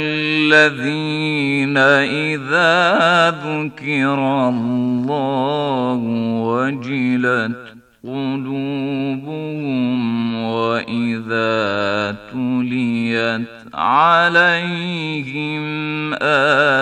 الذين إذا ذكر الله وجلت قلوبهم وإذا تليت عليهم آه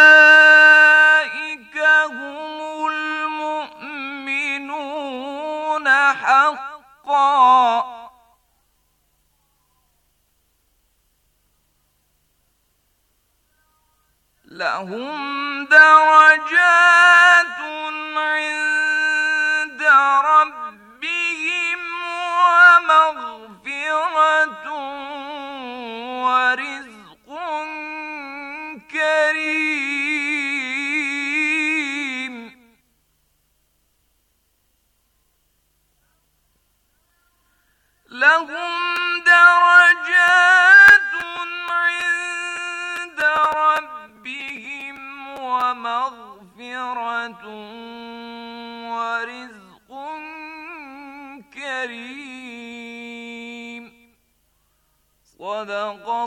لهم درجات عند ربهم ومغفرة ورزق كريم لهم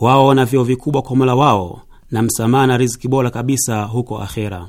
wao wana vyeo vikubwa kwa Mola wao na msamaha na riziki bora kabisa huko akhera.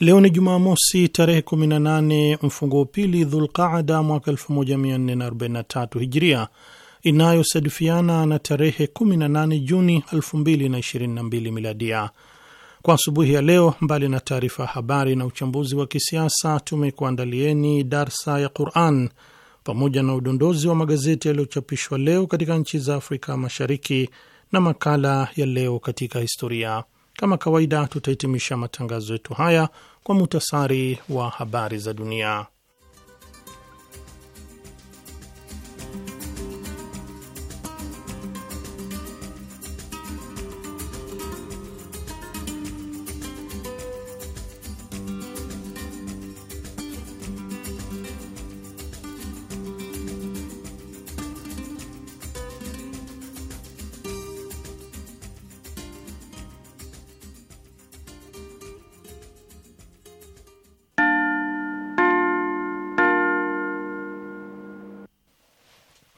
Leo ni Jumamosi tarehe 18 mfungo pili Dhulqaada mwaka 1443 Hijria, inayosadifiana na tarehe 18 Juni 2022 Miladia. Kwa asubuhi ya leo, mbali na taarifa ya habari na uchambuzi wa kisiasa, tumekuandalieni darsa ya Quran pamoja na udondozi wa magazeti yaliyochapishwa leo katika nchi za Afrika Mashariki na makala ya leo katika historia kama kawaida, tutahitimisha matangazo yetu haya kwa muhtasari wa habari za dunia.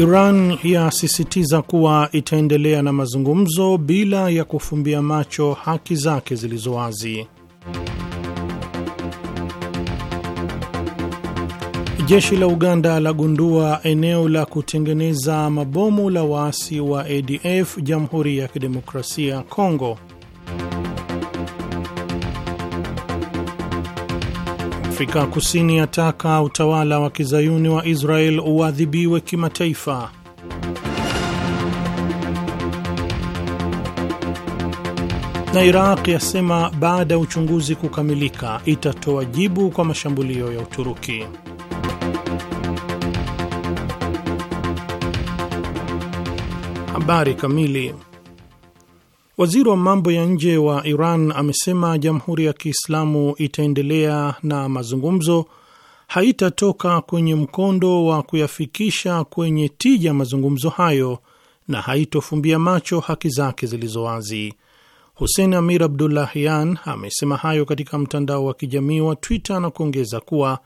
Iran yasisitiza kuwa itaendelea na mazungumzo bila ya kufumbia macho haki zake zilizo wazi. Jeshi la Uganda lagundua eneo la kutengeneza mabomu la waasi wa ADF Jamhuri ya Kidemokrasia ya Kongo. Afrika Kusini yataka utawala wa kizayuni wa Israel uadhibiwe kimataifa. Na Iraq yasema baada ya uchunguzi kukamilika itatoa jibu kwa mashambulio ya Uturuki. Habari kamili. Waziri wa mambo ya nje wa Iran amesema Jamhuri ya Kiislamu itaendelea na mazungumzo, haitatoka kwenye mkondo wa kuyafikisha kwenye tija mazungumzo hayo na haitofumbia macho haki zake zilizo wazi. Hussein Amir Abdullahian amesema hayo katika mtandao wa kijamii wa Twitter na kuongeza kuwa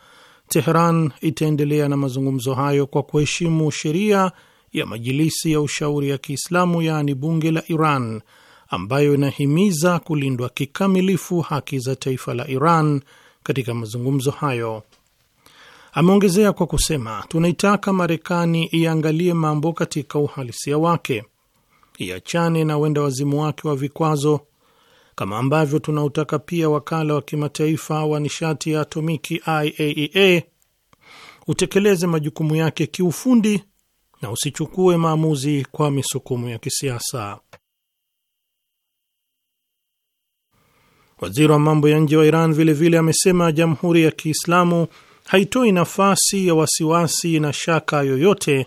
Tehran itaendelea na mazungumzo hayo kwa kuheshimu sheria ya Majilisi ya Ushauri ya Kiislamu, yaani bunge la Iran ambayo inahimiza kulindwa kikamilifu haki za taifa la Iran katika mazungumzo hayo. Ameongezea kwa kusema, tunaitaka Marekani iangalie mambo katika uhalisia wake, iachane na wenda wazimu wake wa vikwazo, kama ambavyo tunautaka pia wakala wa kimataifa wa nishati ya atomiki IAEA e utekeleze majukumu yake kiufundi na usichukue maamuzi kwa misukumo ya kisiasa. Waziri wa mambo ya nje wa Iran vilevile vile amesema jamhuri ya Kiislamu haitoi nafasi ya wasiwasi na shaka yoyote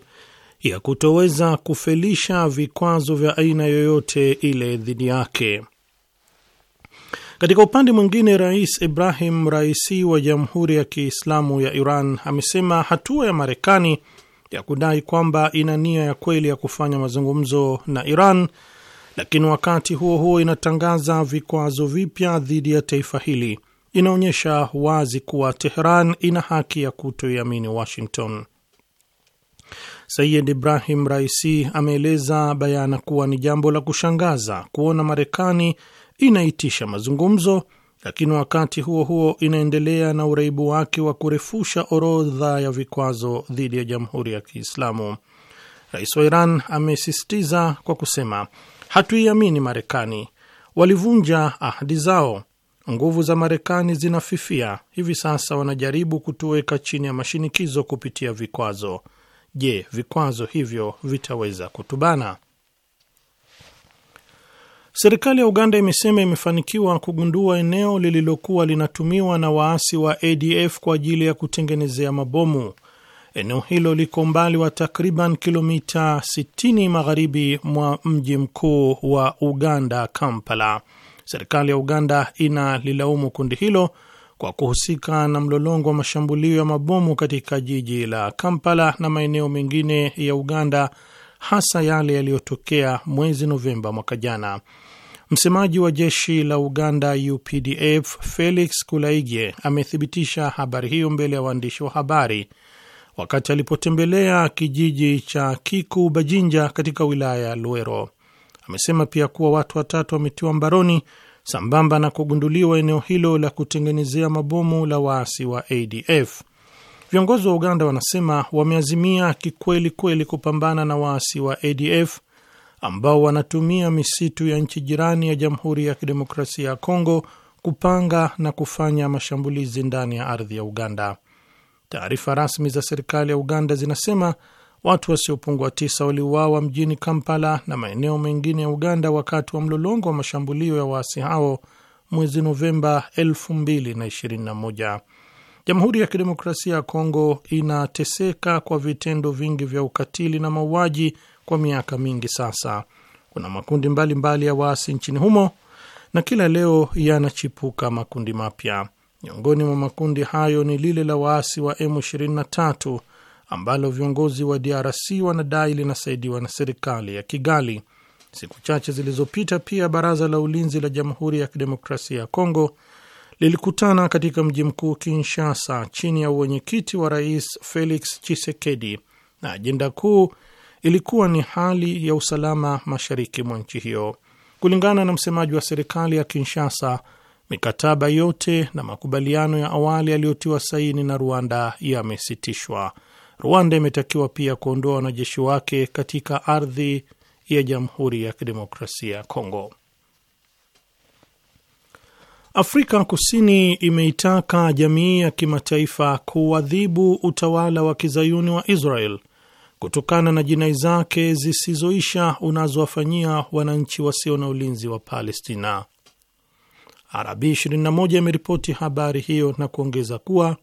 ya kutoweza kufelisha vikwazo vya aina yoyote ile dhidi yake. Katika upande mwingine, Rais Ibrahim Raisi wa Jamhuri ya Kiislamu ya Iran amesema hatua ya Marekani ya kudai kwamba ina nia ya kweli ya kufanya mazungumzo na Iran lakini wakati huo huo inatangaza vikwazo vipya dhidi ya taifa hili, inaonyesha wazi kuwa teheran ina haki ya kutoiamini Washington. Sayid Ibrahim Raisi ameeleza bayana kuwa ni jambo la kushangaza kuona Marekani inaitisha mazungumzo, lakini wakati huo huo inaendelea na uraibu wake wa kurefusha orodha ya vikwazo dhidi ya jamhuri ya Kiislamu. Rais wa Iran amesisitiza kwa kusema Hatuiamini Marekani, walivunja ahadi zao. Nguvu za Marekani zinafifia hivi sasa, wanajaribu kutuweka chini ya mashinikizo kupitia vikwazo. Je, vikwazo hivyo vitaweza kutubana? Serikali ya Uganda imesema imefanikiwa kugundua eneo lililokuwa linatumiwa na waasi wa ADF kwa ajili ya kutengenezea mabomu. Eneo hilo liko umbali wa takriban kilomita 60 magharibi mwa mji mkuu wa Uganda, Kampala. Serikali ya Uganda inalilaumu kundi hilo kwa kuhusika na mlolongo wa mashambulio ya mabomu katika jiji la Kampala na maeneo mengine ya Uganda, hasa yale yaliyotokea mwezi Novemba mwaka jana. Msemaji wa jeshi la Uganda UPDF Felix Kulaigye amethibitisha habari hiyo mbele ya waandishi wa habari wakati alipotembelea kijiji cha Kiku Bajinja katika wilaya ya Luero. Amesema pia kuwa watu watatu wametiwa mbaroni sambamba na kugunduliwa eneo hilo la kutengenezea mabomu la waasi wa ADF. Viongozi wa Uganda wanasema wameazimia kikweli kweli kupambana na waasi wa ADF ambao wanatumia misitu ya nchi jirani ya Jamhuri ya Kidemokrasia ya Kongo kupanga na kufanya mashambulizi ndani ya ardhi ya Uganda. Taarifa rasmi za serikali ya Uganda zinasema watu wasiopungua tisa waliuawa mjini Kampala na maeneo mengine ya Uganda wakati wa mlolongo wa mashambulio ya waasi hao mwezi Novemba 2021. Jamhuri ya Kidemokrasia ya Kongo inateseka kwa vitendo vingi vya ukatili na mauaji kwa miaka mingi sasa. Kuna makundi mbalimbali mbali ya waasi nchini humo na kila leo yanachipuka makundi mapya. Miongoni mwa makundi hayo ni lile la waasi wa M23 ambalo viongozi wa DRC wanadai linasaidiwa na serikali ya Kigali. Siku chache zilizopita, pia baraza la ulinzi la Jamhuri ya Kidemokrasia ya Kongo lilikutana katika mji mkuu Kinshasa chini ya uwenyekiti wa Rais Felix Tshisekedi, na ajenda kuu ilikuwa ni hali ya usalama mashariki mwa nchi hiyo. Kulingana na msemaji wa serikali ya Kinshasa, Mikataba yote na makubaliano ya awali yaliyotiwa saini na Rwanda yamesitishwa. Rwanda imetakiwa pia kuondoa wanajeshi wake katika ardhi ya Jamhuri ya Kidemokrasia ya Kongo. Afrika Kusini imeitaka jamii ya kimataifa kuadhibu utawala wa kizayuni wa Israel kutokana na jinai zake zisizoisha unazowafanyia wananchi wasio na ulinzi wa Palestina. Arabi 21 imeripoti habari hiyo na kuongeza kuwa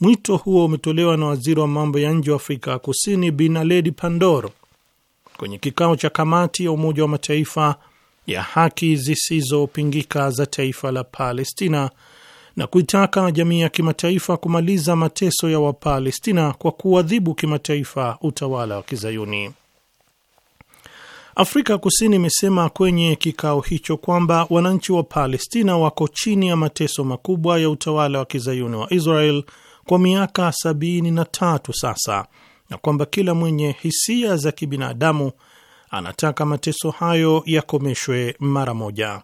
mwito huo umetolewa na waziri wa mambo ya nje wa Afrika ya Kusini binaledi pandoro Pandor kwenye kikao cha kamati ya Umoja wa Mataifa ya haki zisizopingika za taifa la Palestina na kuitaka jamii ya kimataifa kumaliza mateso ya Wapalestina kwa kuadhibu kimataifa utawala wa Kizayuni. Afrika Kusini imesema kwenye kikao hicho kwamba wananchi wa Palestina wako chini ya mateso makubwa ya utawala wa kizayuni wa Israel kwa miaka 73 sasa, na kwamba kila mwenye hisia za kibinadamu anataka mateso hayo yakomeshwe mara moja.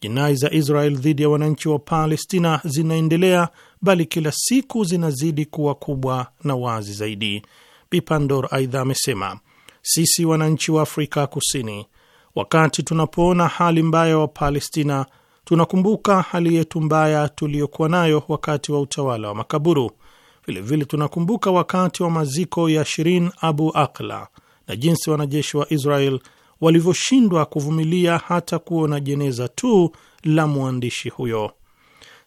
Jinai za Israel dhidi ya wananchi wa Palestina zinaendelea, bali kila siku zinazidi kuwa kubwa na wazi zaidi. Bipandor aidha amesema sisi wananchi wa Afrika Kusini, wakati tunapoona hali mbaya wa Palestina, tunakumbuka hali yetu mbaya tuliyokuwa nayo wakati wa utawala wa makaburu. Vilevile vile tunakumbuka wakati wa maziko ya Shirin Abu Akla na jinsi wanajeshi wa Israel walivyoshindwa kuvumilia hata kuona jeneza tu la mwandishi huyo.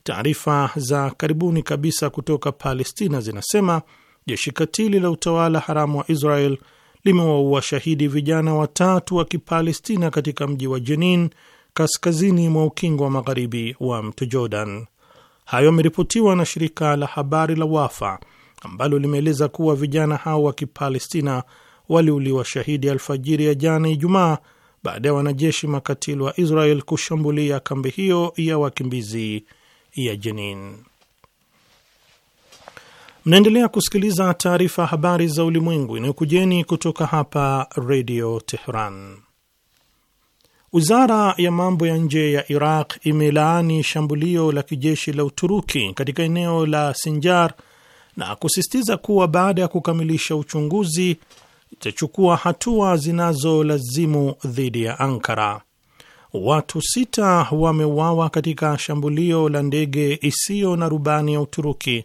Taarifa za karibuni kabisa kutoka Palestina zinasema jeshi katili la utawala haramu wa Israel limewaua shahidi vijana watatu wa Kipalestina katika mji wa Jenin, kaskazini mwa ukingo wa magharibi wa mto Jordan. Hayo ameripotiwa na shirika la habari la Wafa ambalo limeeleza kuwa vijana hao wa Kipalestina waliuliwa shahidi alfajiri ya jana Ijumaa baada ya wanajeshi makatili wa Israel kushambulia kambi hiyo ya wakimbizi ya Jenin. Mnaendelea kusikiliza taarifa ya habari za ulimwengu inayokujeni kutoka hapa redio Tehran. Wizara ya mambo ya nje ya Iraq imelaani shambulio la kijeshi la Uturuki katika eneo la Sinjar na kusisitiza kuwa baada ya kukamilisha uchunguzi itachukua hatua zinazolazimu dhidi ya Ankara. Watu sita wameuawa katika shambulio la ndege isiyo na rubani ya Uturuki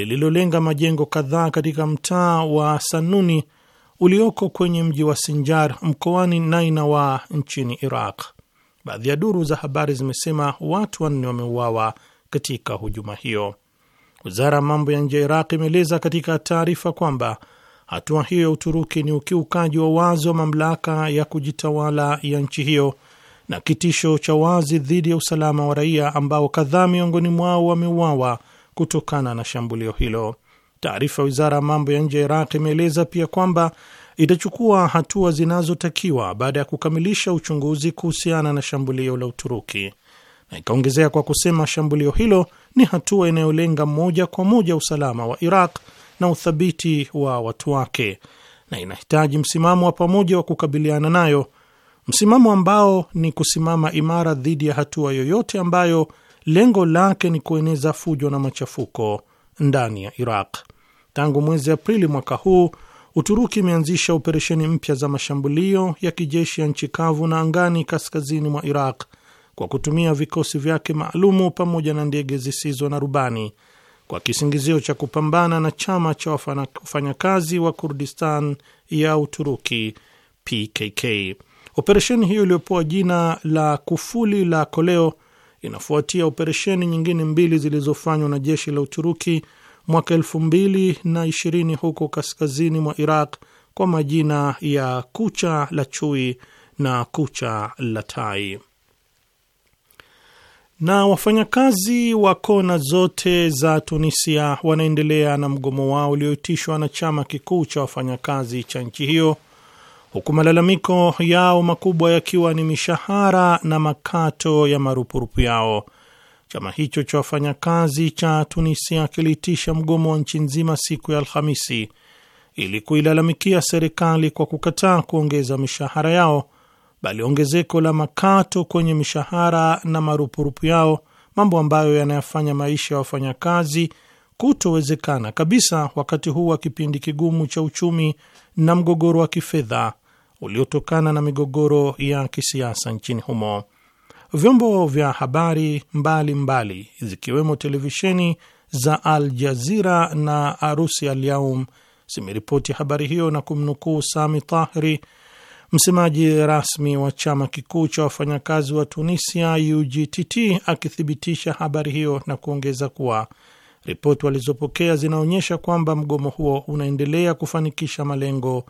lililolenga majengo kadhaa katika mtaa wa Sanuni ulioko kwenye mji wa Sinjar mkoani Nainawa nchini Iraq. Baadhi ya duru za habari zimesema watu wanne wameuawa katika hujuma hiyo. Wizara ya mambo ya nje ya Iraq imeeleza katika taarifa kwamba hatua hiyo ya Uturuki ni ukiukaji wa wazi wa mamlaka ya kujitawala ya nchi hiyo na kitisho cha wazi dhidi ya usalama wa raia ambao kadhaa miongoni mwao wameuawa kutokana na shambulio hilo. Taarifa ya wizara ya mambo ya nje ya Iraq imeeleza pia kwamba itachukua hatua zinazotakiwa baada ya kukamilisha uchunguzi kuhusiana na shambulio la Uturuki, na ikaongezea kwa kusema shambulio hilo ni hatua inayolenga moja kwa moja usalama wa Iraq na uthabiti wa watu wake na inahitaji msimamo wa pamoja wa kukabiliana nayo, msimamo ambao ni kusimama imara dhidi ya hatua yoyote ambayo lengo lake ni kueneza fujo na machafuko ndani ya Iraq. Tangu mwezi Aprili mwaka huu, Uturuki imeanzisha operesheni mpya za mashambulio ya kijeshi ya nchi kavu na angani kaskazini mwa Iraq kwa kutumia vikosi vyake maalumu pamoja na ndege zisizo na rubani kwa kisingizio cha kupambana na chama cha wafanyakazi wa Kurdistan ya Uturuki, PKK. Operesheni hiyo iliyopewa jina la Kufuli la Koleo inafuatia operesheni nyingine mbili zilizofanywa na jeshi la Uturuki mwaka elfu mbili na ishirini huko kaskazini mwa Iraq kwa majina ya Kucha la Chui na Kucha la Tai. Na wafanyakazi wa kona zote za Tunisia wanaendelea na mgomo wao ulioitishwa na chama kikuu cha wafanyakazi cha nchi hiyo huku malalamiko yao makubwa yakiwa ni mishahara na makato ya marupurupu yao. Chama hicho cha wafanyakazi cha Tunisia kiliitisha mgomo wa nchi nzima siku ya Alhamisi ili kuilalamikia serikali kwa kukataa kuongeza mishahara yao, bali ongezeko la makato kwenye mishahara na marupurupu yao, mambo ambayo yanayafanya maisha ya wafanyakazi kutowezekana kabisa wakati huu wa kipindi kigumu cha uchumi na mgogoro wa kifedha uliotokana na migogoro ya kisiasa nchini humo. Vyombo vya habari mbalimbali zikiwemo televisheni za Al Jazira na Arusi Alyaum zimeripoti habari hiyo na kumnukuu Sami Tahri, msemaji rasmi wa chama kikuu cha wafanyakazi wa Tunisia UGTT, akithibitisha habari hiyo na kuongeza kuwa ripoti walizopokea zinaonyesha kwamba mgomo huo unaendelea kufanikisha malengo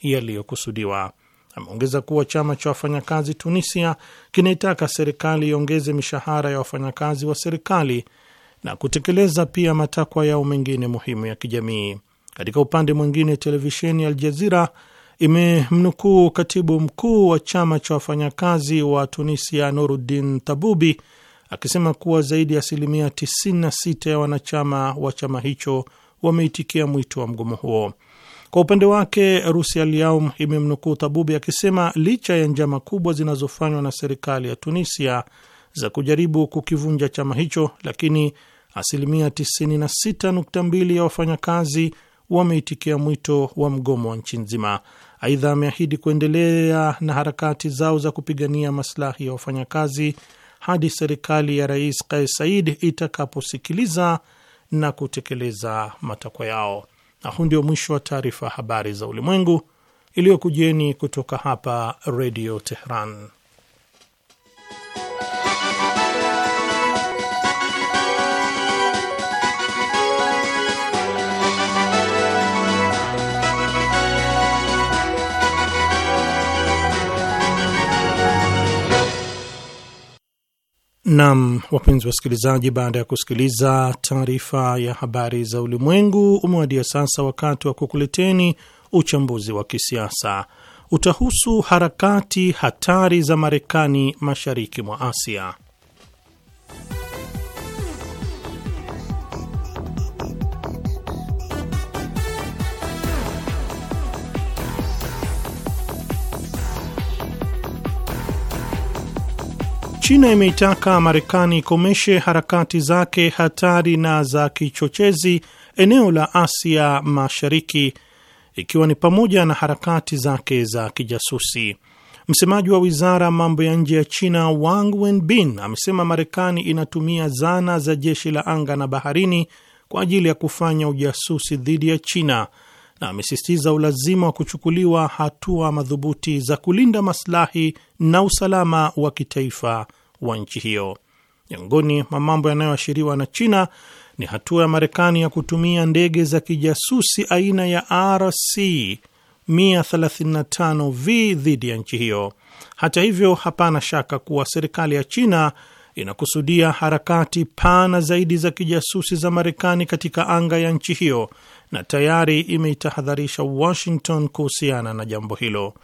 yaliyokusudiwa ameongeza kuwa chama cha wafanyakazi Tunisia kinaitaka serikali iongeze mishahara ya wafanyakazi wa serikali na kutekeleza pia matakwa yao mengine muhimu ya kijamii. Katika upande mwingine, televisheni ya Aljazira imemnukuu katibu mkuu wa chama cha wafanyakazi wa Tunisia Nuruddin Tabubi akisema kuwa zaidi ya asilimia 96 ya wanachama wa chama hicho wameitikia mwito wa mgomo huo. Kwa upande wake Rusi Alyaum imemnukuu Tabubi akisema licha ya njama kubwa zinazofanywa na serikali ya Tunisia za kujaribu kukivunja chama hicho, lakini asilimia 96.2 ya wafanyakazi wameitikia mwito wa mgomo wa nchi nzima. Aidha, ameahidi kuendelea na harakati zao za kupigania maslahi ya wafanyakazi hadi serikali ya Rais Kais said itakaposikiliza na kutekeleza matakwa yao. Na huu ndio mwisho wa taarifa habari za ulimwengu iliyokujeni kutoka hapa Redio Tehran. Nam, wapenzi wasikilizaji, baada ya kusikiliza taarifa ya habari za ulimwengu, umewadia sasa wakati wa kukuleteni uchambuzi wa kisiasa. Utahusu harakati hatari za Marekani mashariki mwa Asia. China imeitaka Marekani ikomeshe harakati zake hatari na za kichochezi eneo la Asia Mashariki, ikiwa ni pamoja na harakati zake za kijasusi. Msemaji wa wizara mambo ya nje ya China Wang Wenbin amesema Marekani inatumia zana za jeshi la anga na baharini kwa ajili ya kufanya ujasusi dhidi ya China na amesisitiza ulazima wa kuchukuliwa hatua madhubuti za kulinda maslahi na usalama wa kitaifa wa nchi hiyo. Miongoni mwa mambo yanayoashiriwa na China ni hatua ya Marekani ya kutumia ndege za kijasusi aina ya RC 135V dhidi ya nchi hiyo. Hata hivyo, hapana shaka kuwa serikali ya China inakusudia harakati pana zaidi za kijasusi za Marekani katika anga ya nchi hiyo na tayari imeitahadharisha Washington kuhusiana na jambo hilo.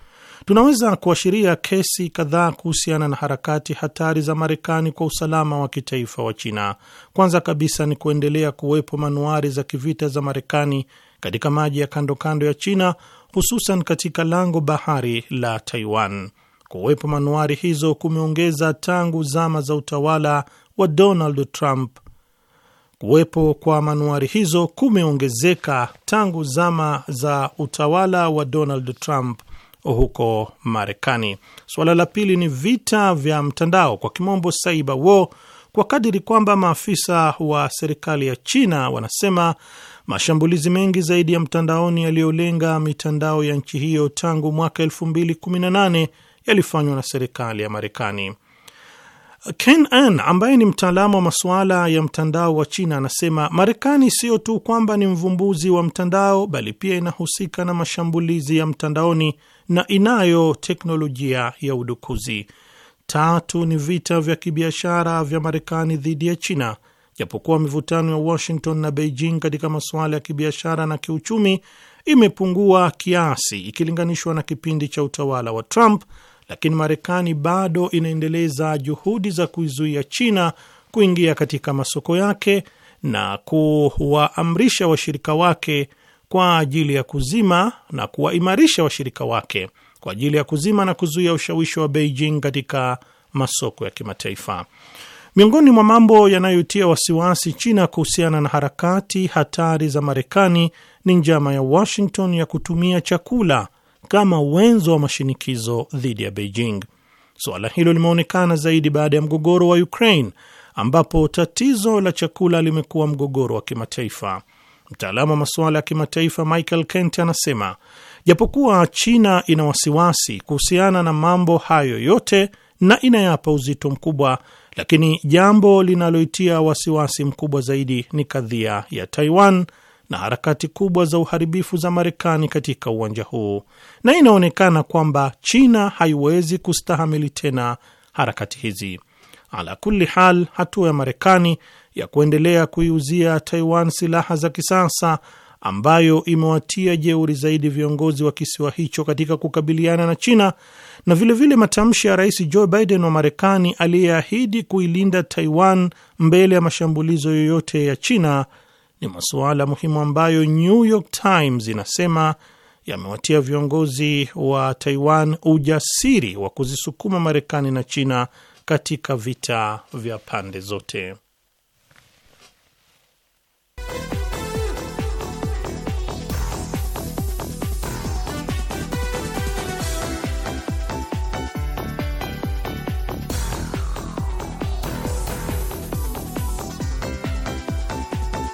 Tunaweza kuashiria kesi kadhaa kuhusiana na harakati hatari za Marekani kwa usalama wa kitaifa wa China. Kwanza kabisa ni kuendelea kuwepo manuari za kivita za Marekani katika maji ya kando kando ya China, hususan katika lango bahari la Taiwan. Kuwepo manuari hizo kumeongeza tangu zama za utawala wa Donald Trump. Kuwepo kwa manuari hizo kumeongezeka tangu zama za utawala wa Donald Trump huko Marekani. Suala la pili ni vita vya mtandao, kwa kimombo cyber war, kwa kadiri kwamba maafisa wa serikali ya China wanasema mashambulizi mengi zaidi ya mtandaoni yaliyolenga mitandao ya nchi hiyo tangu mwaka 2018 yalifanywa na serikali ya Marekani. Ken An ambaye ni mtaalamu wa masuala ya mtandao wa China anasema Marekani siyo tu kwamba ni mvumbuzi wa mtandao, bali pia inahusika na mashambulizi ya mtandaoni na inayo teknolojia ya udukuzi. Tatu ni vita vya kibiashara vya Marekani dhidi ya China. Japokuwa mivutano ya Washington na Beijing katika masuala ya kibiashara na kiuchumi imepungua kiasi ikilinganishwa na kipindi cha utawala wa Trump lakini Marekani bado inaendeleza juhudi za kuizuia China kuingia katika masoko yake na kuwaamrisha washirika wake kwa ajili ya kuzima na kuwaimarisha washirika wake kwa ajili ya kuzima na kuzuia ushawishi wa Beijing katika masoko ya kimataifa. Miongoni mwa mambo yanayotia wasiwasi China kuhusiana na harakati hatari za Marekani ni njama ya Washington ya kutumia chakula kama wenzo wa mashinikizo dhidi ya Beijing. Suala hilo limeonekana zaidi baada ya mgogoro wa Ukraine ambapo tatizo la chakula limekuwa mgogoro wa kimataifa. Mtaalamu wa masuala ya kimataifa Michael Kent anasema japokuwa China ina wasiwasi kuhusiana na mambo hayo yote na inayapa uzito mkubwa, lakini jambo linaloitia wasiwasi mkubwa zaidi ni kadhia ya Taiwan na harakati kubwa za uharibifu za Marekani katika uwanja huu, na inaonekana kwamba China haiwezi kustahamili tena harakati hizi. Ala kulli hal, hatua ya Marekani ya kuendelea kuiuzia Taiwan silaha za kisasa ambayo imewatia jeuri zaidi viongozi wa kisiwa hicho katika kukabiliana na China na vilevile matamshi ya Rais Joe Biden wa Marekani aliyeahidi kuilinda Taiwan mbele ya mashambulizo yoyote ya China ni masuala muhimu ambayo New York Times inasema yamewatia viongozi wa Taiwan ujasiri wa kuzisukuma Marekani na China katika vita vya pande zote.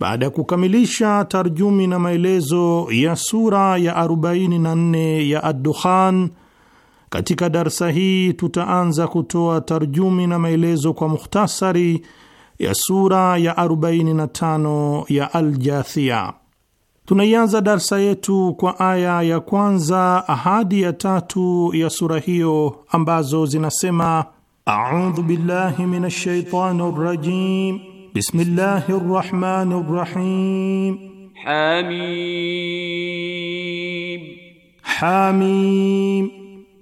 baada ya kukamilisha tarjumi na maelezo ya sura ya 44 ya Ad-Dukhan, katika darsa hii tutaanza kutoa tarjumi na maelezo kwa mukhtasari ya sura ya 45 ya al jathiya Tunaianza darsa yetu kwa aya ya kwanza hadi ya tatu ya sura hiyo ambazo zinasema: a'udhu billahi minash shaitani rajim Bismillahir Rahmanir Rahim. Hamim. Hamim.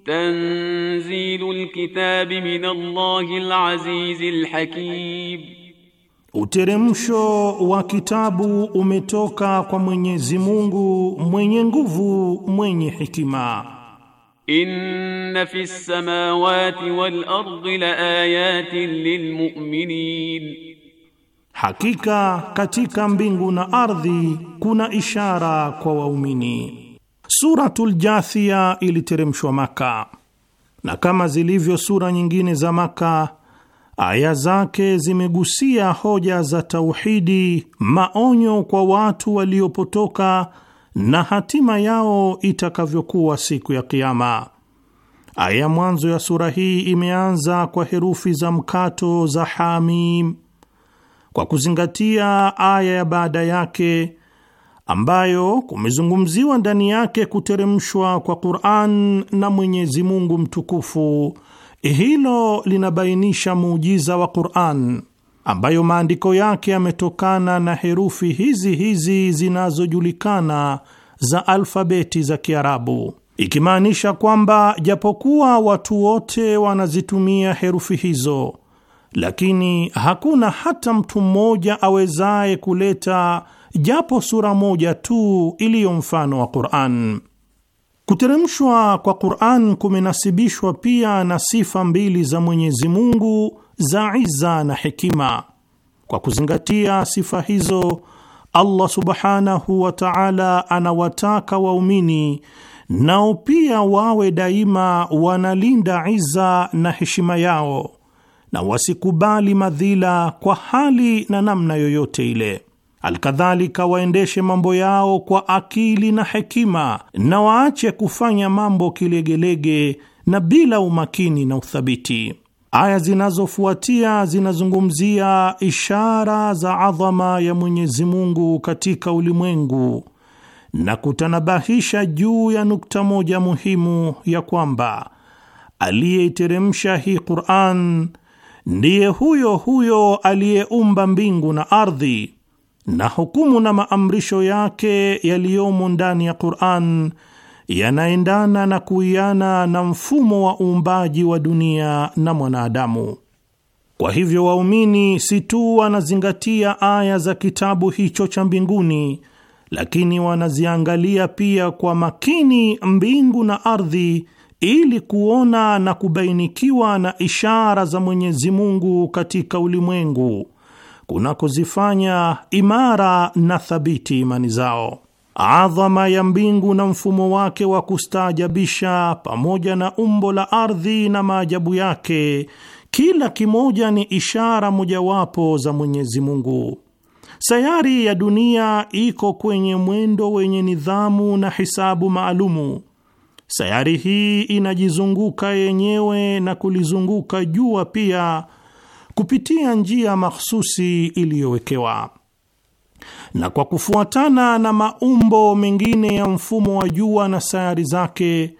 Tanzilul kitabi min Allahil Azizil Hakim. Uteremsho wa kitabu umetoka kwa Mwenyezi Mungu mwenye nguvu mwenye hikima. Inna fis samawati wal ardi laayatin lil mu'minin Hakika katika mbingu na ardhi kuna ishara kwa waumini. Suratul Jathia iliteremshwa Maka, na kama zilivyo sura nyingine za Maka, aya zake zimegusia hoja za tauhidi, maonyo kwa watu waliopotoka na hatima yao itakavyokuwa siku ya Kiama. Aya mwanzo ya sura hii imeanza kwa herufi za mkato za Hamim kwa kuzingatia aya ya baada yake ambayo kumezungumziwa ndani yake kuteremshwa kwa Qur'an na Mwenyezi Mungu mtukufu. Eh, hilo linabainisha muujiza wa Qur'an ambayo maandiko yake yametokana na herufi hizi hizi zinazojulikana za alfabeti za Kiarabu, ikimaanisha kwamba japokuwa watu wote wanazitumia herufi hizo lakini hakuna hata mtu mmoja awezaye kuleta japo sura moja tu iliyo mfano wa Qur'an. Kuteremshwa kwa Qur'an kumenasibishwa pia na sifa mbili za Mwenyezi Mungu za iza na hekima. Kwa kuzingatia sifa hizo, Allah Subhanahu wa Ta'ala anawataka waumini nao pia wawe daima wanalinda iza na heshima yao na wasikubali madhila kwa hali na namna yoyote ile. Alkadhalika, waendeshe mambo yao kwa akili na hekima, na waache kufanya mambo kilegelege na bila umakini na uthabiti. Aya zinazofuatia zinazungumzia ishara za adhama ya Mwenyezi Mungu katika ulimwengu na kutanabahisha juu ya nukta moja muhimu ya kwamba aliyeiteremsha hii Qur'an ndiye huyo huyo aliyeumba mbingu na ardhi, na hukumu na maamrisho yake yaliyomo ndani ya Qur'an yanaendana na kuiana na mfumo wa uumbaji wa dunia na mwanadamu. Kwa hivyo, waumini si tu wanazingatia aya za kitabu hicho cha mbinguni, lakini wanaziangalia pia kwa makini mbingu na ardhi ili kuona na kubainikiwa na ishara za Mwenyezi Mungu katika ulimwengu kunakozifanya imara na thabiti imani zao. Adhama ya mbingu na mfumo wake wa kustaajabisha pamoja na umbo la ardhi na maajabu yake, kila kimoja ni ishara mojawapo za Mwenyezi Mungu. Sayari ya dunia iko kwenye mwendo wenye nidhamu na hisabu maalumu Sayari hii inajizunguka yenyewe na kulizunguka jua pia kupitia njia mahsusi iliyowekewa, na kwa kufuatana na maumbo mengine ya mfumo wa jua na sayari zake,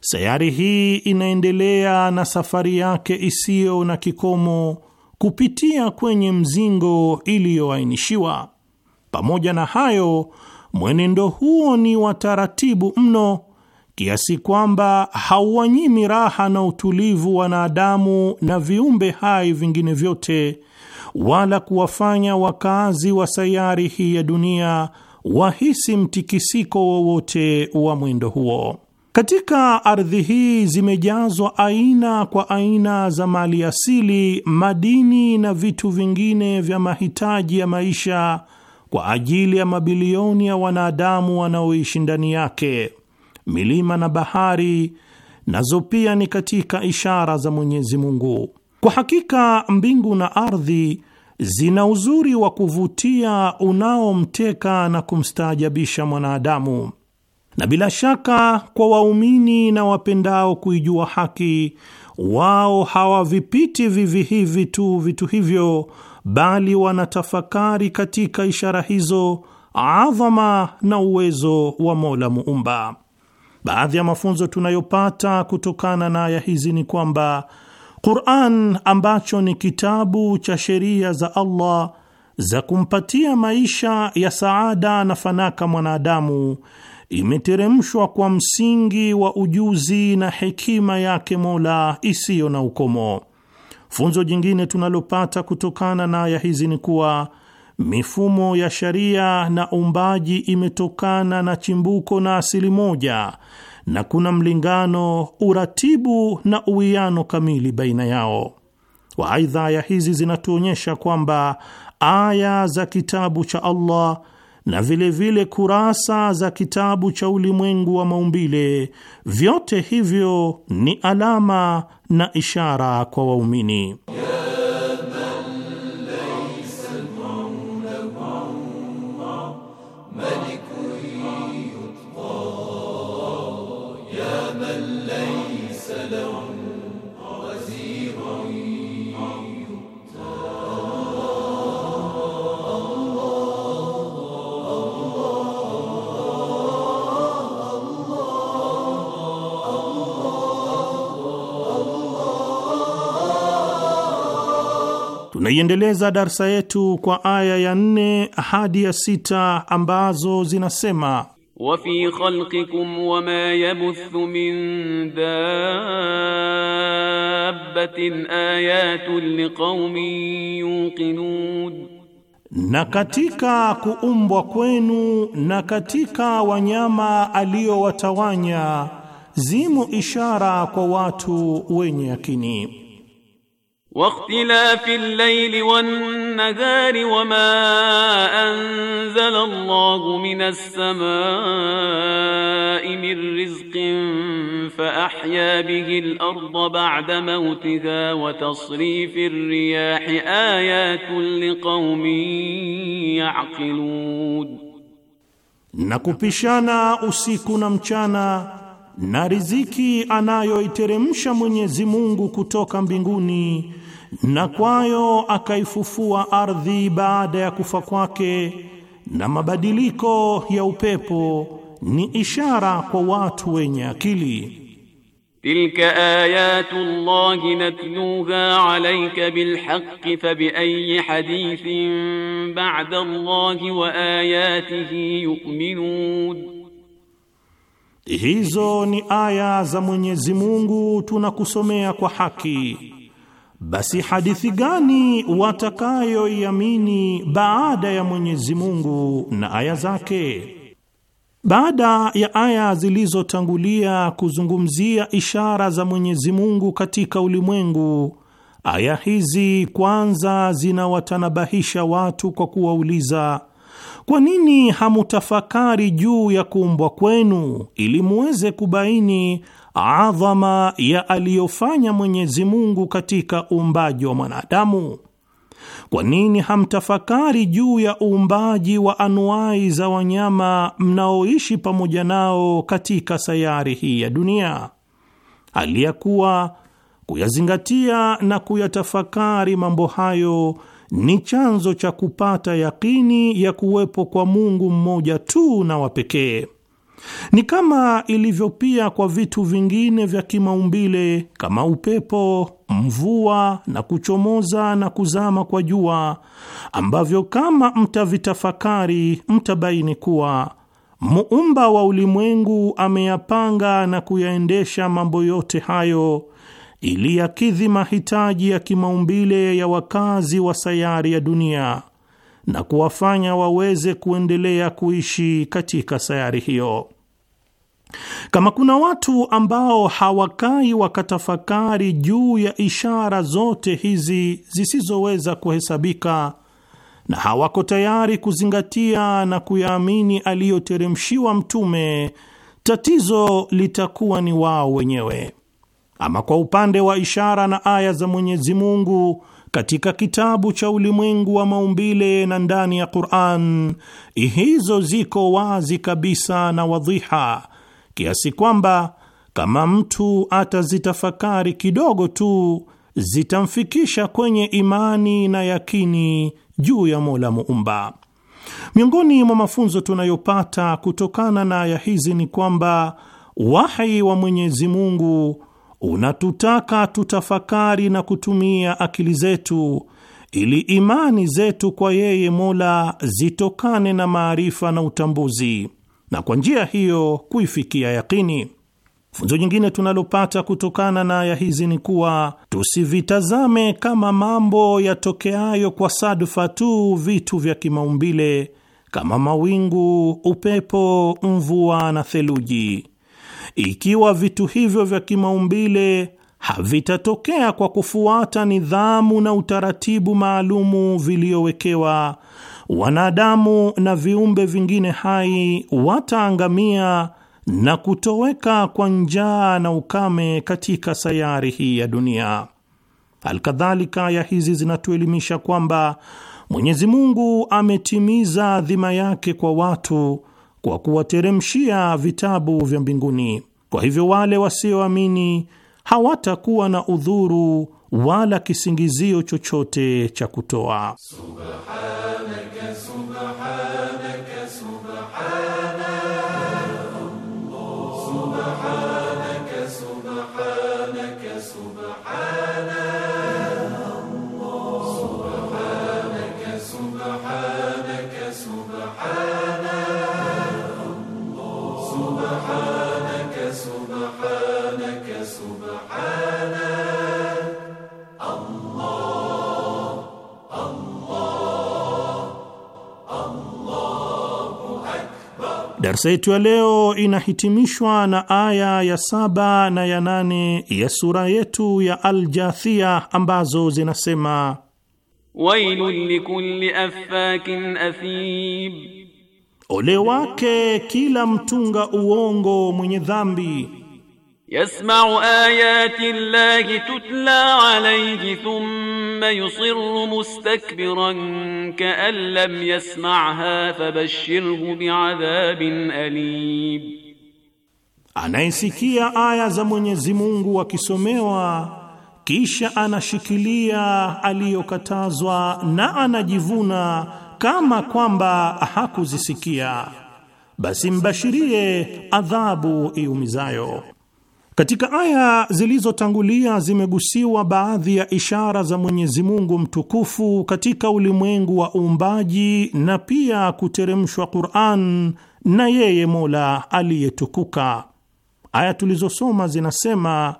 sayari hii inaendelea na safari yake isiyo na kikomo kupitia kwenye mzingo iliyoainishiwa. Pamoja na hayo, mwenendo huo ni wa taratibu mno kiasi kwamba hauwanyimi raha na utulivu wanadamu na viumbe hai vingine vyote, wala kuwafanya wakazi wa sayari hii ya dunia wahisi mtikisiko wowote wa, mwendo huo. Katika ardhi hii zimejazwa aina kwa aina za mali asili, madini na vitu vingine vya mahitaji ya maisha kwa ajili ya mabilioni ya wanadamu wanaoishi ndani yake milima na bahari nazo pia ni katika ishara za Mwenyezi Mungu. Kwa hakika mbingu na ardhi zina uzuri wa kuvutia unaomteka na kumstaajabisha mwanadamu, na bila shaka kwa waumini na wapendao kuijua haki, wao hawavipiti vivi hivi tu vitu hivyo, bali wanatafakari katika ishara hizo adhama na uwezo wa Mola Muumba. Baadhi ya mafunzo tunayopata kutokana na aya hizi ni kwamba Qur'an ambacho ni kitabu cha sheria za Allah za kumpatia maisha ya saada na fanaka mwanadamu imeteremshwa kwa msingi wa ujuzi na hekima yake Mola isiyo na ukomo. Funzo jingine tunalopata kutokana na aya hizi ni kuwa Mifumo ya sharia na umbaji imetokana na chimbuko na asili moja, na kuna mlingano, uratibu na uwiano kamili baina yao. Waaidha, aya hizi zinatuonyesha kwamba aya za kitabu cha Allah na vilevile vile kurasa za kitabu cha ulimwengu wa maumbile, vyote hivyo ni alama na ishara kwa waumini. Tunaiendeleza darsa yetu kwa aya ya nne hadi ya sita ambazo zinasema wafi khalqikum wama yabuthu min dabbatin ayatun liqaumin yuqinun, na katika kuumbwa kwenu na katika wanyama aliyowatawanya zimo ishara kwa watu wenye yakini. واختلاف الليل والنهار وما أنزل الله من السماء من رزق فأحيا به الأرض بعد موتها وتصريف الرياح آيات لقوم يعقلون na kupishana usiku na mchana na riziki anayoiteremsha Mwenyezi Mungu kutoka mbinguni na kwayo akaifufua ardhi baada ya kufa kwake, na mabadiliko ya upepo ni ishara kwa watu wenye akili. Tilka ayatu Allahi natluha alayka bilhaqqi fa bi ayyi hadithin ba'da Allahi wa ayatihi yu'minun, hizo ni aya za Mwenyezi Mungu tunakusomea kwa haki basi hadithi gani watakayoiamini baada ya Mwenyezi Mungu na aya zake? Baada ya aya zilizotangulia kuzungumzia ishara za Mwenyezi Mungu katika ulimwengu, aya hizi kwanza zinawatanabahisha watu kwa kuwauliza, kwa nini hamutafakari juu ya kuumbwa kwenu ili muweze kubaini adhama ya aliyofanya Mwenyezi Mungu katika uumbaji wa mwanadamu? Kwa nini hamtafakari juu ya uumbaji wa anuai za wanyama mnaoishi pamoja nao katika sayari hii ya dunia? Hali ya kuwa kuyazingatia na kuyatafakari mambo hayo ni chanzo cha kupata yakini ya kuwepo kwa Mungu mmoja tu na wa pekee ni kama ilivyo pia kwa vitu vingine vya kimaumbile kama upepo, mvua na kuchomoza na kuzama kwa jua, ambavyo kama mtavitafakari mtabaini kuwa muumba wa ulimwengu ameyapanga na kuyaendesha mambo yote hayo ili yakidhi mahitaji ya kimaumbile ya wakazi wa sayari ya dunia na kuwafanya waweze kuendelea kuishi katika sayari hiyo. Kama kuna watu ambao hawakai wakatafakari juu ya ishara zote hizi zisizoweza kuhesabika na hawako tayari kuzingatia na kuyaamini aliyoteremshiwa Mtume, tatizo litakuwa ni wao wenyewe. Ama kwa upande wa ishara na aya za Mwenyezi Mungu katika kitabu cha ulimwengu wa maumbile na ndani ya Qur'an, hizo ziko wazi kabisa na wadhiha, kiasi kwamba kama mtu atazitafakari kidogo tu zitamfikisha kwenye imani na yakini juu ya Mola Muumba. Miongoni mwa mafunzo tunayopata kutokana na aya hizi ni kwamba wahi wa Mwenyezi Mungu unatutaka tutafakari na kutumia akili zetu ili imani zetu kwa yeye Mola zitokane na maarifa na utambuzi, na kwa njia hiyo kuifikia yakini. Funzo nyingine tunalopata kutokana na aya hizi ni kuwa tusivitazame kama mambo yatokeayo kwa sadfa tu vitu vya kimaumbile kama mawingu, upepo, mvua na theluji ikiwa vitu hivyo vya kimaumbile havitatokea kwa kufuata nidhamu na utaratibu maalumu viliyowekewa wanadamu na viumbe vingine hai wataangamia na kutoweka kwa njaa na ukame katika sayari hii ya dunia. Alkadhalika, aya hizi zinatuelimisha kwamba Mwenyezi Mungu ametimiza dhima yake kwa watu kwa kuwateremshia vitabu vya mbinguni. Kwa hivyo wale wasioamini hawatakuwa na udhuru wala kisingizio chochote cha kutoa. Subhanaka, subhanaka, subhanaka, Allah, subhanaka. Darsa yetu ya leo inahitimishwa na aya ya saba na ya nane ya sura yetu ya Aljathia ambazo zinasema: wailun likulli affakin athib, ole wake kila mtunga uongo mwenye dhambi yasma'u ayati llahi tutla alayhi thumma yusiru mustakbiran ka'an lam yasma'ha fabashshirhu bi'adhabin alim, anayesikia aya za Mwenyezi Mungu akisomewa kisha anashikilia aliyokatazwa na anajivuna kama kwamba hakuzisikia, basi mbashirie adhabu iumizayo. Katika aya zilizotangulia zimegusiwa baadhi ya ishara za Mwenyezi Mungu mtukufu katika ulimwengu wa uumbaji na pia kuteremshwa Qur'an na yeye Mola aliyetukuka. Aya tulizosoma zinasema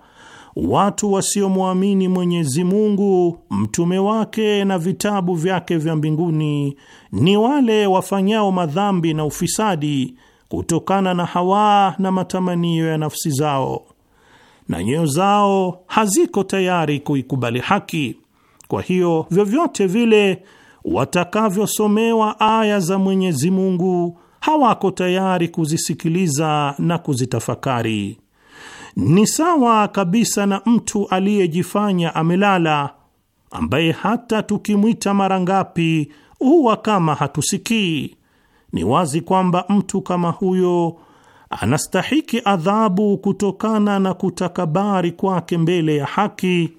watu wasiomwamini Mwenyezi Mungu, mtume wake na vitabu vyake vya mbinguni ni wale wafanyao madhambi na ufisadi kutokana na hawaa na matamanio ya nafsi zao na nyoyo zao haziko tayari kuikubali haki. Kwa hiyo vyovyote vile watakavyosomewa aya za Mwenyezi Mungu hawako tayari kuzisikiliza na kuzitafakari. Ni sawa kabisa na mtu aliyejifanya amelala, ambaye hata tukimwita mara ngapi huwa kama hatusikii. Ni wazi kwamba mtu kama huyo anastahiki adhabu kutokana na kutakabari kwake mbele ya haki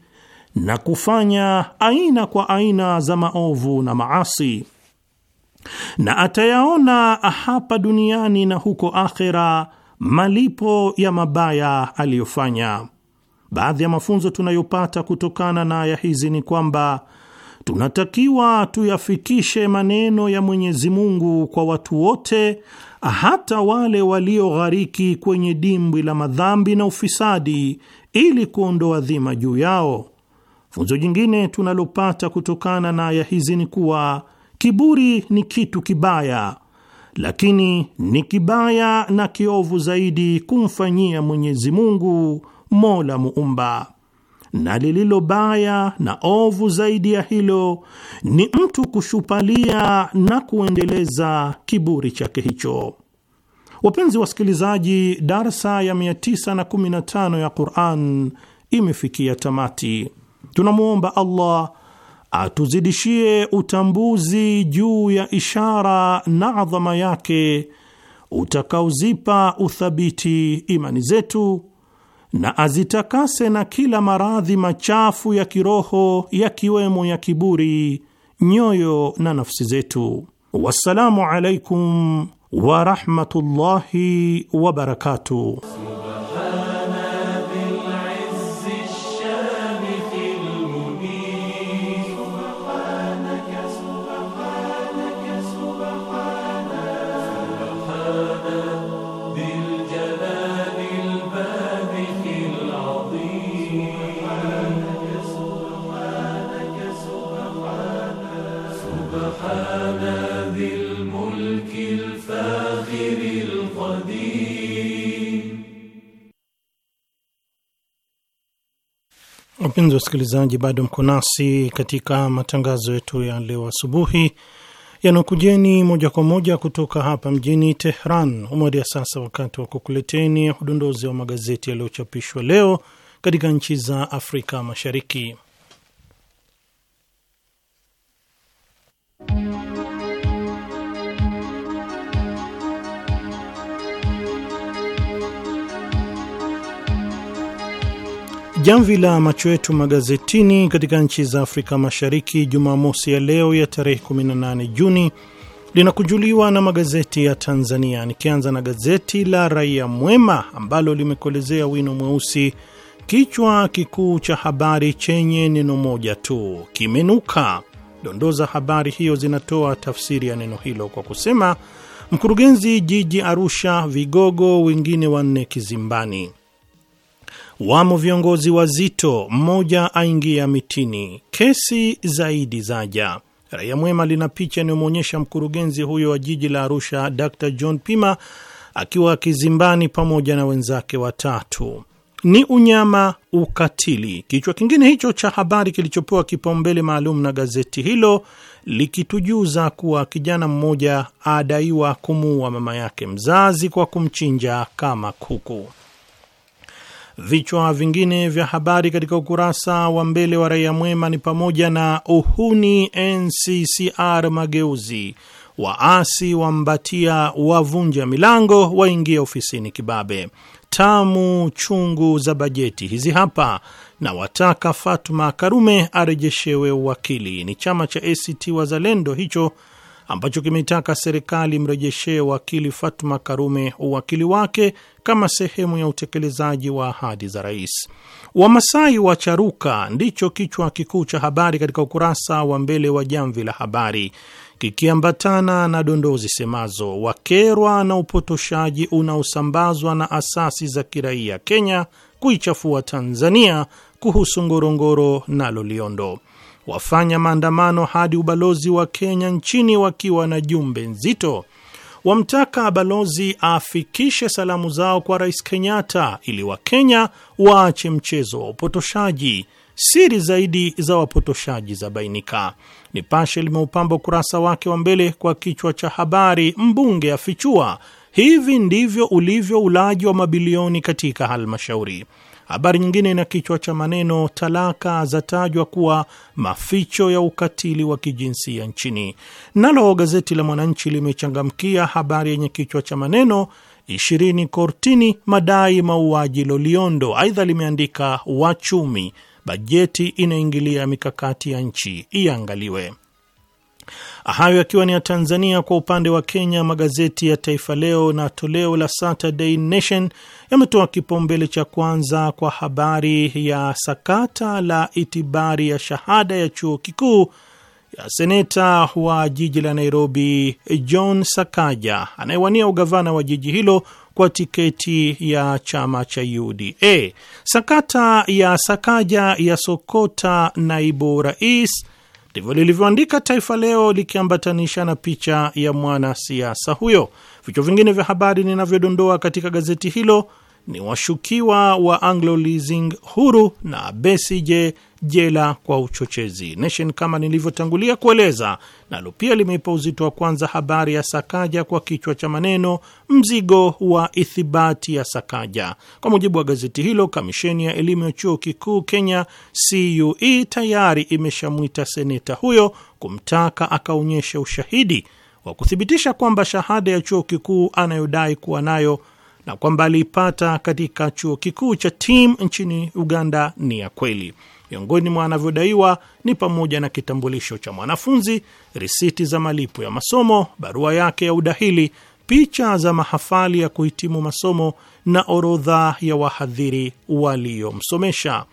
na kufanya aina kwa aina za maovu na maasi, na atayaona hapa duniani na huko akhera malipo ya mabaya aliyofanya. Baadhi ya mafunzo tunayopata kutokana na aya hizi ni kwamba tunatakiwa tuyafikishe maneno ya Mwenyezi Mungu kwa watu wote hata wale walioghariki kwenye dimbwi la madhambi na ufisadi ili kuondoa dhima juu yao. Funzo jingine tunalopata kutokana na aya hizi ni kuwa kiburi ni kitu kibaya, lakini ni kibaya na kiovu zaidi kumfanyia Mwenyezi Mungu Mola muumba na lililo baya na ovu zaidi ya hilo ni mtu kushupalia na kuendeleza kiburi chake hicho. Wapenzi wasikilizaji, darsa ya 915 ya Quran imefikia tamati. Tunamwomba Allah atuzidishie utambuzi juu ya ishara na adhama yake utakaozipa uthabiti imani zetu na azitakase na kila maradhi machafu ya kiroho yakiwemo ya kiburi, nyoyo na nafsi zetu. Wassalamu alaikum warahmatullahi wabarakatuh. wasikilizaji, bado mko nasi katika matangazo yetu ya leo asubuhi yanakujeni moja kwa moja kutoka hapa mjini Tehran. Umewadia sasa wakati wa kukuleteni udondozi wa magazeti yaliyochapishwa leo katika nchi za Afrika Mashariki. Jamvi la macho yetu magazetini katika nchi za Afrika Mashariki Jumamosi ya leo ya tarehe 18 Juni linakunjuliwa na magazeti ya Tanzania, nikianza na gazeti la Raia Mwema ambalo limekolezea wino mweusi kichwa kikuu cha habari chenye neno moja tu, kimenuka. Dondoo za habari hiyo zinatoa tafsiri ya neno hilo kwa kusema mkurugenzi jiji Arusha, vigogo wengine wanne kizimbani Wamo viongozi wazito, mmoja aingia mitini, kesi zaidi zaja. Raia Mwema lina picha inayomwonyesha mkurugenzi huyo wa jiji la Arusha, Dr John Pima akiwa kizimbani pamoja na wenzake watatu. Ni unyama, ukatili, kichwa kingine hicho cha habari kilichopewa kipaumbele maalum na gazeti hilo, likitujuza kuwa kijana mmoja adaiwa kumuua mama yake mzazi kwa kumchinja kama kuku. Vichwa vingine vya habari katika ukurasa wa mbele wa Raia Mwema ni pamoja na uhuni NCCR mageuzi, waasi wambatia wavunja milango waingia ofisini kibabe, tamu chungu za bajeti hizi hapa, na wataka Fatma Karume arejeshewe uwakili. Ni chama cha ACT Wazalendo hicho ambacho kimeitaka serikali mrejeshee wakili Fatma Karume uwakili wake kama sehemu ya utekelezaji wa ahadi za rais. Wamasai wa charuka ndicho kichwa kikuu cha habari katika ukurasa wa mbele wa Jamvi la Habari, kikiambatana na dondoo zisemazo wakerwa na upotoshaji unaosambazwa na asasi za kiraia Kenya kuichafua Tanzania kuhusu Ngorongoro na Loliondo wafanya maandamano hadi ubalozi wa Kenya nchini wakiwa na jumbe nzito, wamtaka balozi afikishe salamu zao kwa Rais Kenyatta ili Wakenya waache mchezo wa upotoshaji. Siri zaidi za wapotoshaji za bainika. Nipashe limeupamba ukurasa wake wa mbele kwa kichwa cha habari, mbunge afichua hivi ndivyo ulivyo ulaji wa mabilioni katika halmashauri. Habari nyingine ina kichwa cha maneno talaka zatajwa kuwa maficho ya ukatili wa kijinsia nchini. Nalo gazeti la Mwananchi limechangamkia habari yenye kichwa cha maneno ishirini kortini madai mauaji Loliondo. Aidha limeandika wachumi, bajeti inaingilia mikakati ya nchi iangaliwe. Hayo yakiwa ni ya Tanzania. Kwa upande wa Kenya, magazeti ya Taifa Leo na toleo la Saturday Nation yametoa kipaumbele cha kwanza kwa habari ya sakata la itibari ya shahada ya chuo kikuu ya seneta wa jiji la Nairobi John Sakaja anayewania ugavana wa jiji hilo kwa tiketi ya chama cha UDA. Sakata ya Sakaja ya sokota naibu rais Ndivyo lilivyoandika Taifa Leo likiambatanisha na picha ya mwanasiasa huyo. Vichwa vingine vya habari ninavyodondoa katika gazeti hilo ni washukiwa wa Anglo Leasing huru na Besigye jela kwa uchochezi. Nation kama nilivyotangulia kueleza, nalo pia limeipa uzito wa kwanza habari ya Sakaja kwa kichwa cha maneno mzigo wa ithibati ya Sakaja. Kwa mujibu wa gazeti hilo, kamisheni ya elimu ya chuo kikuu Kenya CUE tayari imeshamwita seneta huyo kumtaka akaonyesha ushahidi wa kuthibitisha kwamba shahada ya chuo kikuu anayodai kuwa nayo na kwamba aliipata katika chuo kikuu cha Tim nchini Uganda ni ya kweli. Miongoni mwa anavyodaiwa ni pamoja na kitambulisho cha mwanafunzi, risiti za malipo ya masomo, barua yake ya udahili picha za mahafali ya kuhitimu masomo na orodha ya wahadhiri waliomsomesha.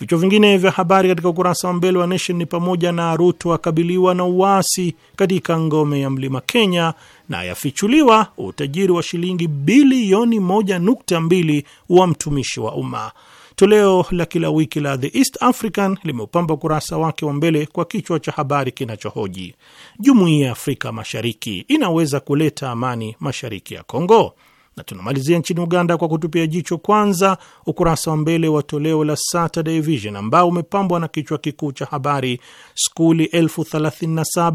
Vichwa vingine vya habari katika ukurasa wa mbele wa Nation ni pamoja na Ruto akabiliwa na uasi katika ngome ya mlima Kenya na yafichuliwa utajiri wa shilingi bilioni 1.2 wa mtumishi wa umma. Toleo la kila wiki la The East African limeupamba ukurasa wake wa mbele kwa kichwa cha habari kinachohoji jumuiya ya Afrika Mashariki inaweza kuleta amani mashariki ya Kongo na tunamalizia nchini Uganda kwa kutupia jicho kwanza ukurasa wa mbele wa toleo la Saturday Vision ambao umepambwa na kichwa kikuu cha habari, skuli elfu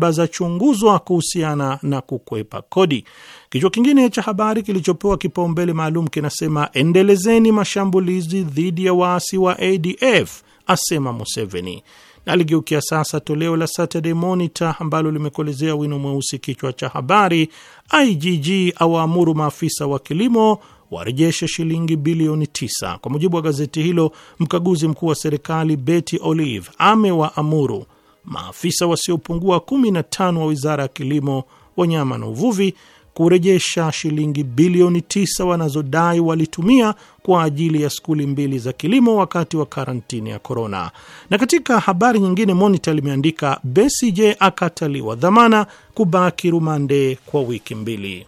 za chunguzwa kuhusiana na kukwepa kodi. Kichwa kingine cha habari kilichopewa kipaumbele maalum kinasema endelezeni mashambulizi dhidi ya waasi wa ADF, asema Museveni. Naligeukia sasa toleo la Saturday Monitor ambalo limekolezea wino mweusi kichwa cha habari, IGG awaamuru maafisa wa kilimo warejeshe shilingi bilioni 9. Kwa mujibu wa gazeti hilo, mkaguzi mkuu wa serikali Betty Olive amewaamuru maafisa wasiopungua 15 wa wizara ya kilimo, wanyama na uvuvi kurejesha shilingi bilioni 9 wanazodai walitumia kwa ajili ya skuli mbili za kilimo wakati wa karantini ya korona. Na katika habari nyingine, Monitor limeandika Besigye akataliwa dhamana kubaki rumande kwa wiki mbili.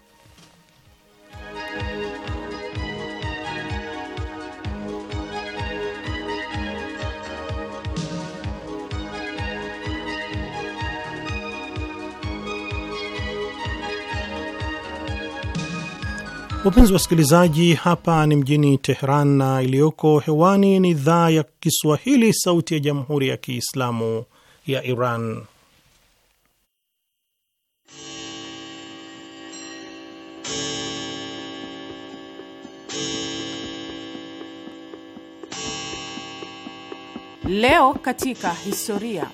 Wapenzi wasikilizaji, hapa ni mjini Teheran na iliyoko hewani ni idhaa ya Kiswahili, Sauti ya Jamhuri ya Kiislamu ya Iran. Leo katika historia.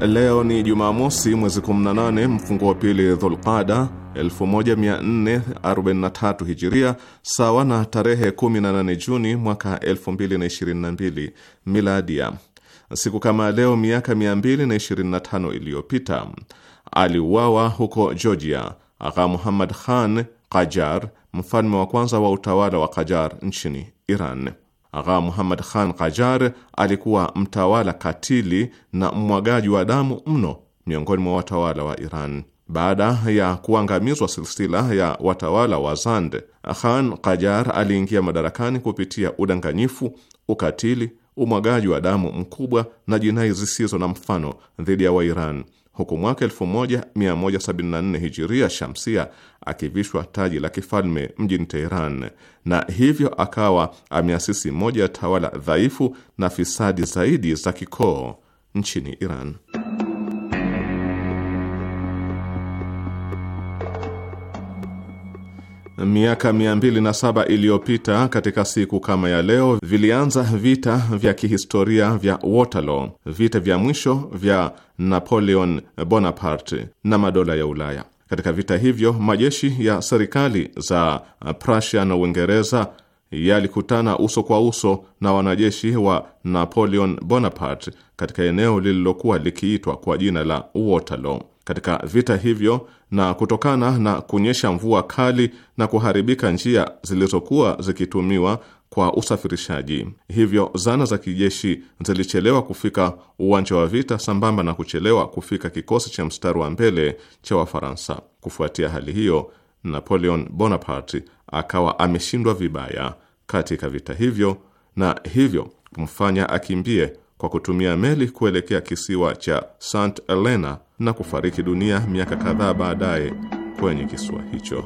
Leo ni Jumamosi, mwezi 18 mfungo wa pili Dhulqada 1443 hijiria sawa na tarehe 18 Juni mwaka 2022 miladia. Siku kama leo miaka 225 iliyopita aliuawa huko Georgia Agha Muhammad Khan Qajar, mfalme wa kwanza wa utawala wa Qajar nchini Iran. Agha Muhammad Khan Qajar alikuwa mtawala katili na mmwagaji wa damu mno miongoni mwa watawala wa Iran. Baada ya kuangamizwa silsila ya watawala wa Zand, Khan Qajar aliingia madarakani kupitia udanganyifu, ukatili, umwagaji wa damu mkubwa na jinai zisizo na mfano dhidi ya Wairan, huku mwaka 1174 hijiria shamsia akivishwa taji la kifalme mjini Teheran, na hivyo akawa ameasisi moja ya tawala dhaifu na fisadi zaidi za kikoo nchini Iran. miaka 207 iliyopita katika siku kama ya leo vilianza vita vya kihistoria vya Waterloo, vita vya mwisho vya Napoleon Bonaparte na madola ya Ulaya. Katika vita hivyo majeshi ya serikali za Prussia na Uingereza yalikutana uso kwa uso na wanajeshi wa Napoleon Bonaparte katika eneo lililokuwa likiitwa kwa jina la Waterloo katika vita hivyo, na kutokana na kunyesha mvua kali na kuharibika njia zilizokuwa zikitumiwa kwa usafirishaji, hivyo zana za kijeshi zilichelewa kufika uwanja wa vita, sambamba na kuchelewa kufika kikosi cha mstari wa mbele cha Wafaransa. Kufuatia hali hiyo, Napoleon Bonaparte akawa ameshindwa vibaya katika vita hivyo, na hivyo kumfanya akimbie kwa kutumia meli kuelekea kisiwa cha St Helena na kufariki dunia miaka kadhaa baadaye kwenye kisiwa hicho.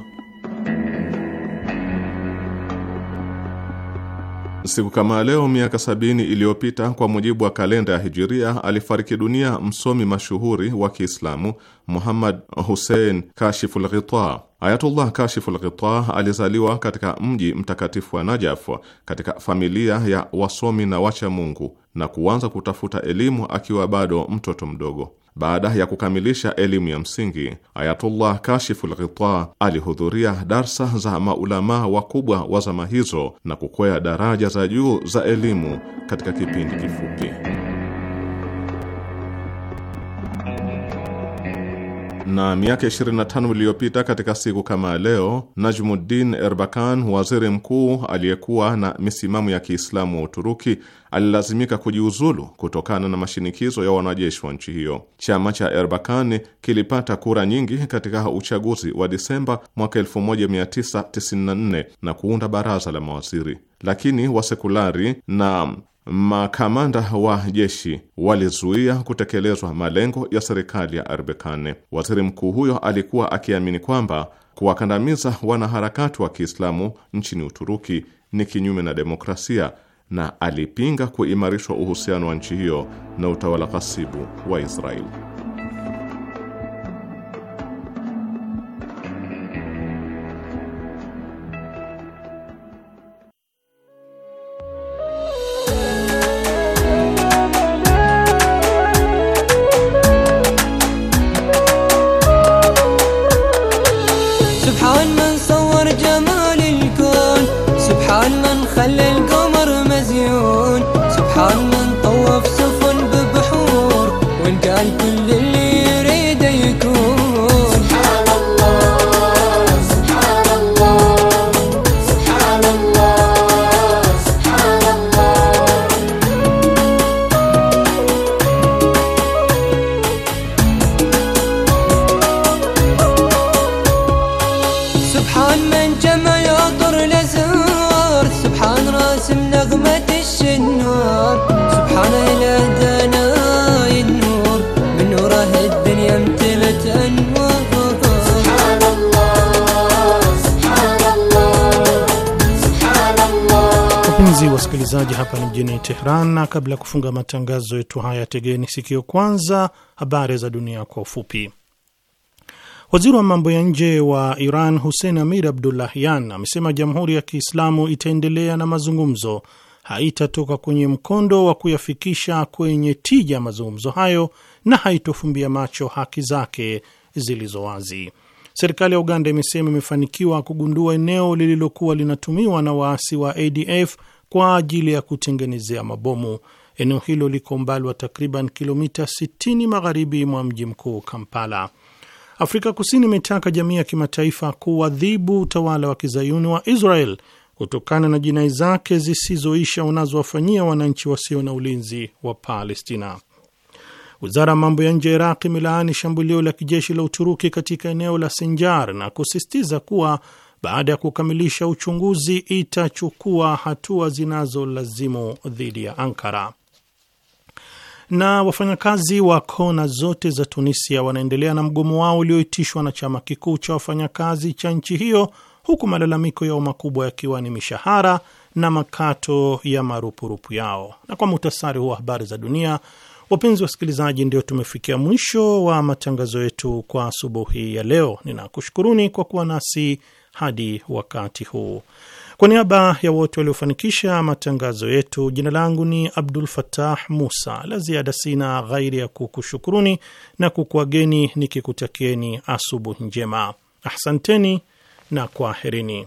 Siku kama leo miaka sabini iliyopita kwa mujibu wa kalenda ya Hijiria, alifariki dunia msomi mashuhuri wa Kiislamu Muhammad Hussein Kashiful Ghita. Ayatullah Kashiful Ghita alizaliwa katika mji mtakatifu wa Najaf katika familia ya wasomi na wacha Mungu na kuanza kutafuta elimu akiwa bado mtoto mdogo. Baada ya kukamilisha elimu ya msingi, Ayatullah Kashiful Ghita alihudhuria darsa za maulamaa wakubwa wa zama hizo na kukwea daraja za juu za elimu katika kipindi kifupi. na miaka 25 iliyopita katika siku kama leo, Najmuddin Erbakan, waziri mkuu aliyekuwa na misimamo ya Kiislamu wa Uturuki, alilazimika kujiuzulu kutokana na mashinikizo ya wanajeshi wa nchi hiyo. Chama cha Erbakan kilipata kura nyingi katika uchaguzi wa Disemba mwaka 1994 na kuunda baraza la mawaziri, lakini wasekulari na makamanda wa jeshi walizuia kutekelezwa malengo ya serikali ya Erbekane. Waziri mkuu huyo alikuwa akiamini kwamba kuwakandamiza wanaharakati wa Kiislamu nchini Uturuki ni kinyume na demokrasia na alipinga kuimarishwa uhusiano wa nchi hiyo na utawala ghasibu wa Israeli. hapa ni mjini Tehran, na kabla ya kufunga matangazo yetu haya, tegeni sikio kwanza habari za dunia kwa ufupi. Waziri wa mambo ya nje wa Iran Hussein Amir Abdullahyan amesema Jamhuri ya Kiislamu itaendelea na mazungumzo, haitatoka kwenye mkondo wa kuyafikisha kwenye tija ya mazungumzo hayo na haitofumbia macho haki zake zilizo wazi. Serikali ya Uganda imesema imefanikiwa kugundua eneo lililokuwa linatumiwa na waasi wa ADF kwa ajili ya kutengenezea mabomu. Eneo hilo liko umbali wa takriban kilomita 60 magharibi mwa mji mkuu Kampala. Afrika Kusini imetaka jamii ya kimataifa kuadhibu utawala wa kizayuni wa Israel kutokana na jinai zake zisizoisha unazowafanyia wananchi wasio na ulinzi wa Palestina. Wizara ya mambo ya nje ya Iraq imelaani shambulio la kijeshi la Uturuki katika eneo la Sinjar na kusisitiza kuwa baada ya kukamilisha uchunguzi itachukua hatua zinazolazimu dhidi ya Ankara. Na wafanyakazi wa kona zote za Tunisia wanaendelea na mgomo wao ulioitishwa na chama kikuu cha wafanyakazi cha nchi hiyo, huku malalamiko yao makubwa yakiwa ni mishahara na makato ya marupurupu yao. Na kwa muhtasari huwa habari za dunia, wapenzi wasikilizaji, ndio tumefikia mwisho wa matangazo yetu kwa asubuhi ya leo. Ninakushukuruni kwa kuwa nasi hadi wakati huu. Kwa niaba ya wote waliofanikisha matangazo yetu, jina langu ni Abdul Fattah Musa. La ziada sina ghairi ya kukushukuruni na kukuageni nikikutakieni asubuhi njema. Ahsanteni na kwaherini.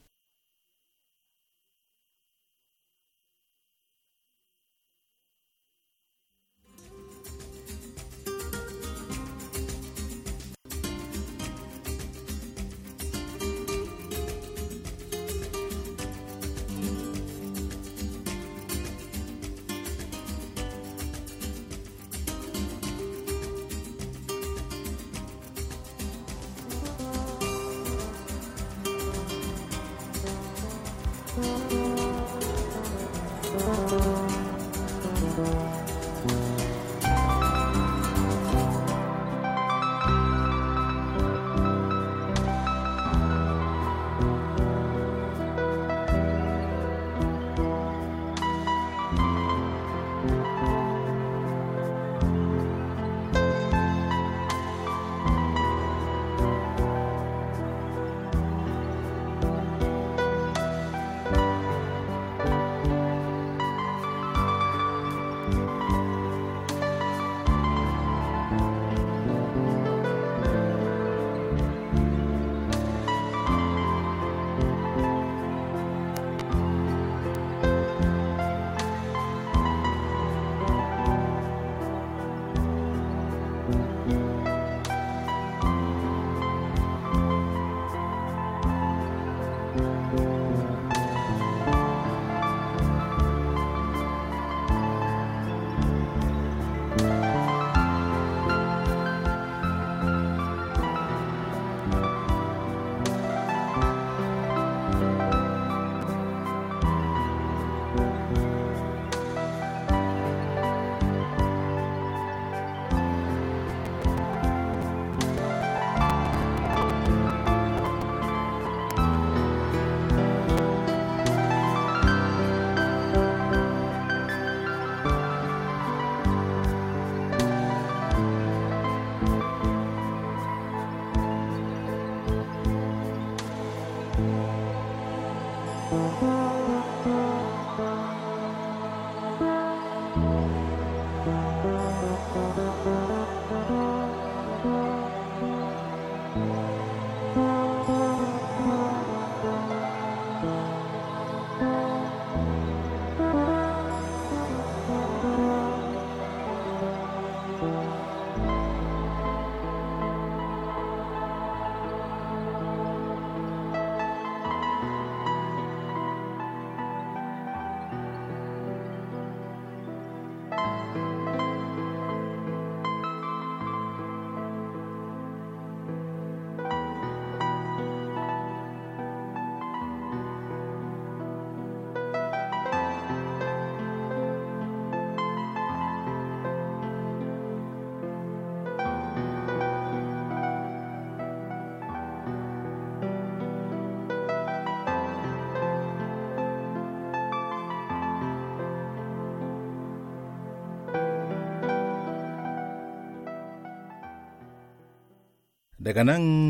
daga nan